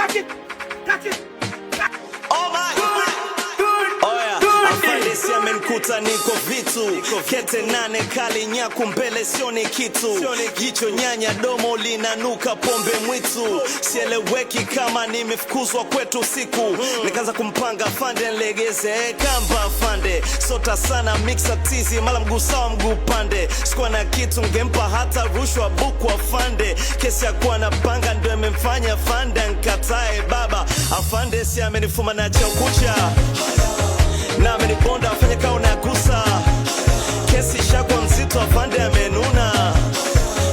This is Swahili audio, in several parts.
Catch it. Polisi amenikuta niko vitu kete nane kali nyaku mbele sioni kitu, jicho nyanya domo linanuka pombe mwitu, sieleweki kama nimefukuzwa kwetu siku. Mm-hmm. Nikaanza kumpanga fande nlegeze kamba fande sota sana mixa tizi mala mguu sawa mguu pande, sikuwa na kitu ngempa hata rushwa bukwa fande, kesi ya kuwa na panga ndio imemfanya fande nkatae baba afande si amenifuma na cha Kesi shakwa mzito, afande amenuna,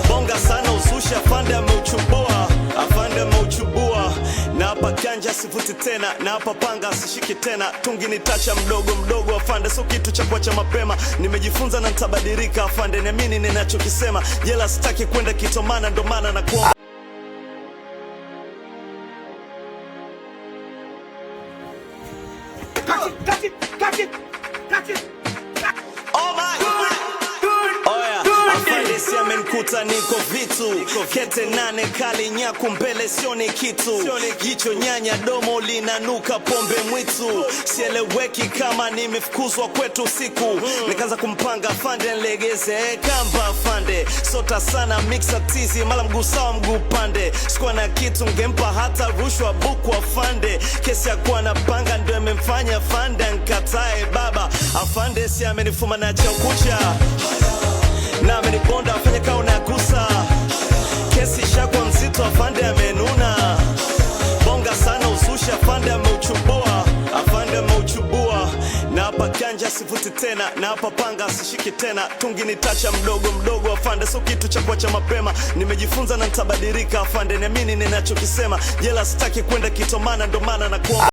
bonga sana uzushi, afande ameuchubua, afande ameuchubua, na hapa kianja sivuti tena, na hapa panga sishiki tena, tungi ni tacha mdogo mdogo, afande so kitu cha kuacha mapema, nimejifunza na ntabadirika afande niamini ninachokisema, jela sitaki kwenda Kitomana, ndo na kuomba Cut it, cut it, cut it. kuta niko vitu kete nane kali nyaku mbele sioni kitu, jicho nyanya domo linanuka pombe mwitu, sieleweki kama nimefukuzwa kwetu siku, hmm. nikaanza kumpanga fande nlegeze kamba fande sota sana mixa tizi mala mgusawa mguu pande, sikuwa na kitu ngempa hata rushwa buku fande kesi yakuwa na panga ndio imemfanya fande nkatae baba afande si amenifuma na chaukucha kucha janja sivuti tena na hapa panga sishiki tena, tungi ni tacha mdogo mdogo. Afande sio kitu cha kuacha mapema, nimejifunza na nitabadilika. Afande niamini ninachokisema, jela sitaki kwenda Kitomana, ndo maana na kuomba